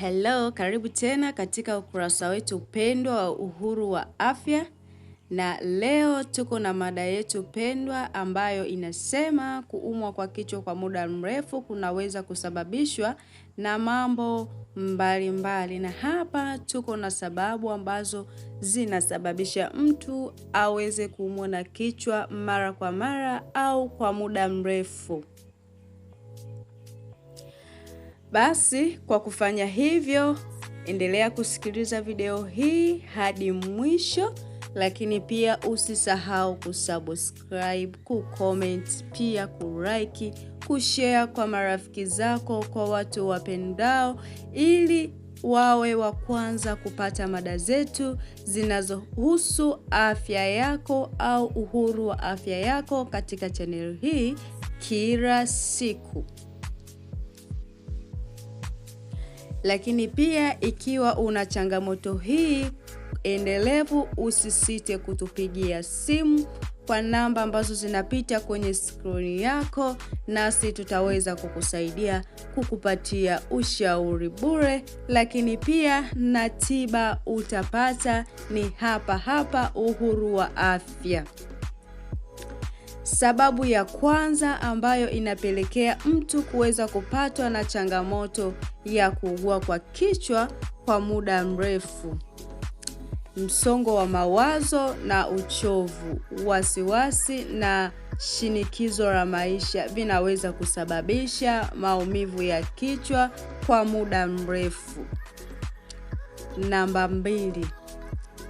Hello, karibu tena katika ukurasa wetu pendwa wa Uhuru wa Afya, na leo tuko na mada yetu pendwa ambayo inasema kuumwa kwa kichwa kwa muda mrefu kunaweza kusababishwa na mambo mbalimbali mbali. Na hapa tuko na sababu ambazo zinasababisha mtu aweze kuumwa na kichwa mara kwa mara au kwa muda mrefu. Basi kwa kufanya hivyo, endelea kusikiliza video hii hadi mwisho, lakini pia usisahau kusubscribe, kucomment, pia kulike, kushare kwa marafiki zako, kwa watu wapendao ili wawe wa kwanza kupata mada zetu zinazohusu afya yako au uhuru wa afya yako katika chaneli hii kila siku. Lakini pia ikiwa una changamoto hii endelevu, usisite kutupigia simu kwa namba ambazo zinapita kwenye skrini yako, nasi tutaweza kukusaidia kukupatia ushauri bure, lakini pia na tiba utapata ni hapa hapa Uhuru wa Afya. Sababu ya kwanza ambayo inapelekea mtu kuweza kupatwa na changamoto ya kuugua kwa kichwa kwa muda mrefu, msongo wa mawazo na uchovu, wasiwasi na shinikizo la maisha vinaweza kusababisha maumivu ya kichwa kwa muda mrefu. Namba mbili,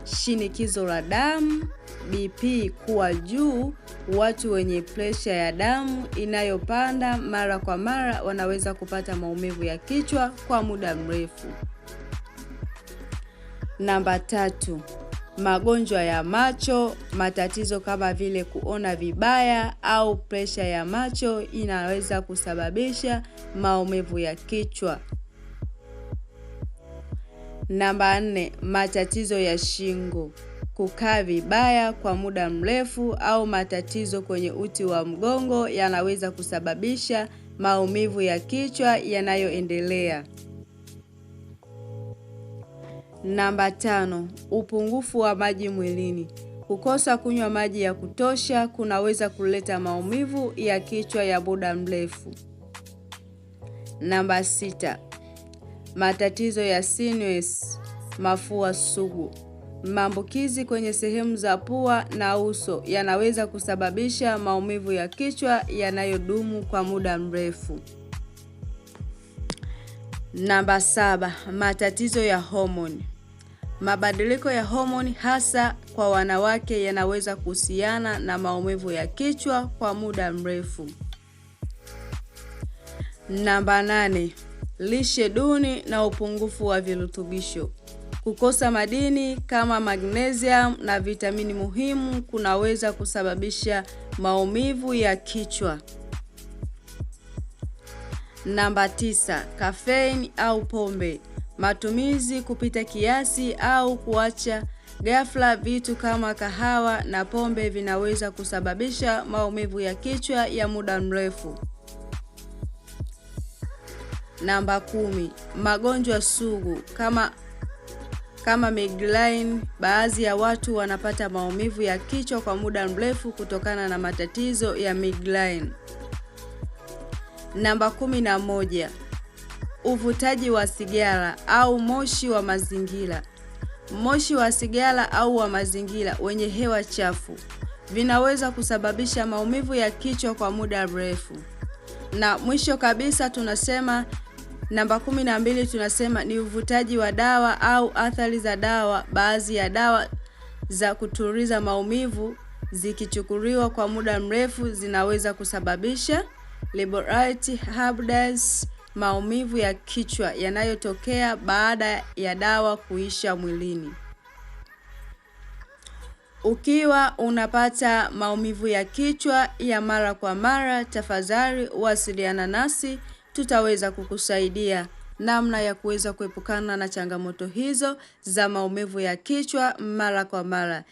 shinikizo la damu BP kuwa juu, watu wenye presha ya damu inayopanda mara kwa mara wanaweza kupata maumivu ya kichwa kwa muda mrefu. Namba tatu, magonjwa ya macho. Matatizo kama vile kuona vibaya au presha ya macho inaweza kusababisha maumivu ya kichwa. Namba nne, matatizo ya shingo kukaa vibaya kwa muda mrefu au matatizo kwenye uti wa mgongo yanaweza kusababisha maumivu ya kichwa yanayoendelea. Namba tano, upungufu wa maji mwilini. Kukosa kunywa maji ya kutosha kunaweza kuleta maumivu ya kichwa ya muda mrefu. Namba sita, matatizo ya sinus, mafua sugu. Maambukizi kwenye sehemu za pua na uso yanaweza kusababisha maumivu ya kichwa yanayodumu kwa muda mrefu. Namba saba, matatizo ya homoni. Mabadiliko ya homoni hasa kwa wanawake yanaweza kuhusiana na maumivu ya kichwa kwa muda mrefu. Namba nane, lishe duni na upungufu wa virutubisho. Kukosa madini kama magnesium na vitamini muhimu kunaweza kusababisha maumivu ya kichwa. Namba tisa, kafeini au pombe. Matumizi kupita kiasi au kuacha ghafla vitu kama kahawa na pombe vinaweza kusababisha maumivu ya kichwa ya muda mrefu. Namba kumi, magonjwa sugu kama kama migraine, baadhi ya watu wanapata maumivu ya kichwa kwa muda mrefu kutokana na matatizo ya migraine. Namba kumi na moja, uvutaji wa sigara au moshi wa mazingira. Moshi wa sigara au wa mazingira wenye hewa chafu vinaweza kusababisha maumivu ya kichwa kwa muda mrefu. Na mwisho kabisa tunasema Namba kumi na mbili tunasema ni uvutaji wa dawa au athari za dawa. Baadhi ya dawa za kutuliza maumivu zikichukuliwa kwa muda mrefu zinaweza kusababisha Leborate maumivu ya kichwa yanayotokea baada ya dawa kuisha mwilini. Ukiwa unapata maumivu ya kichwa ya mara kwa mara, tafadhali wasiliana nasi tutaweza kukusaidia namna ya kuweza kuepukana na changamoto hizo za maumivu ya kichwa mara kwa mara.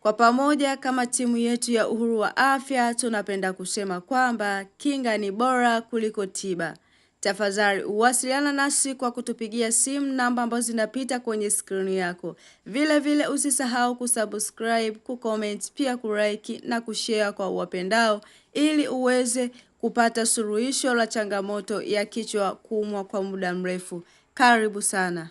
Kwa pamoja kama timu yetu ya Uhuru wa Afya tunapenda kusema kwamba kinga ni bora kuliko tiba. Tafadhali uwasiliana nasi kwa kutupigia simu namba ambazo zinapita kwenye skrini yako. Vile vile usisahau kusubscribe, kucomment, pia kulike na kushare kwa wapendao ili uweze kupata suluhisho la changamoto ya kichwa kuumwa kwa muda mrefu. Karibu sana.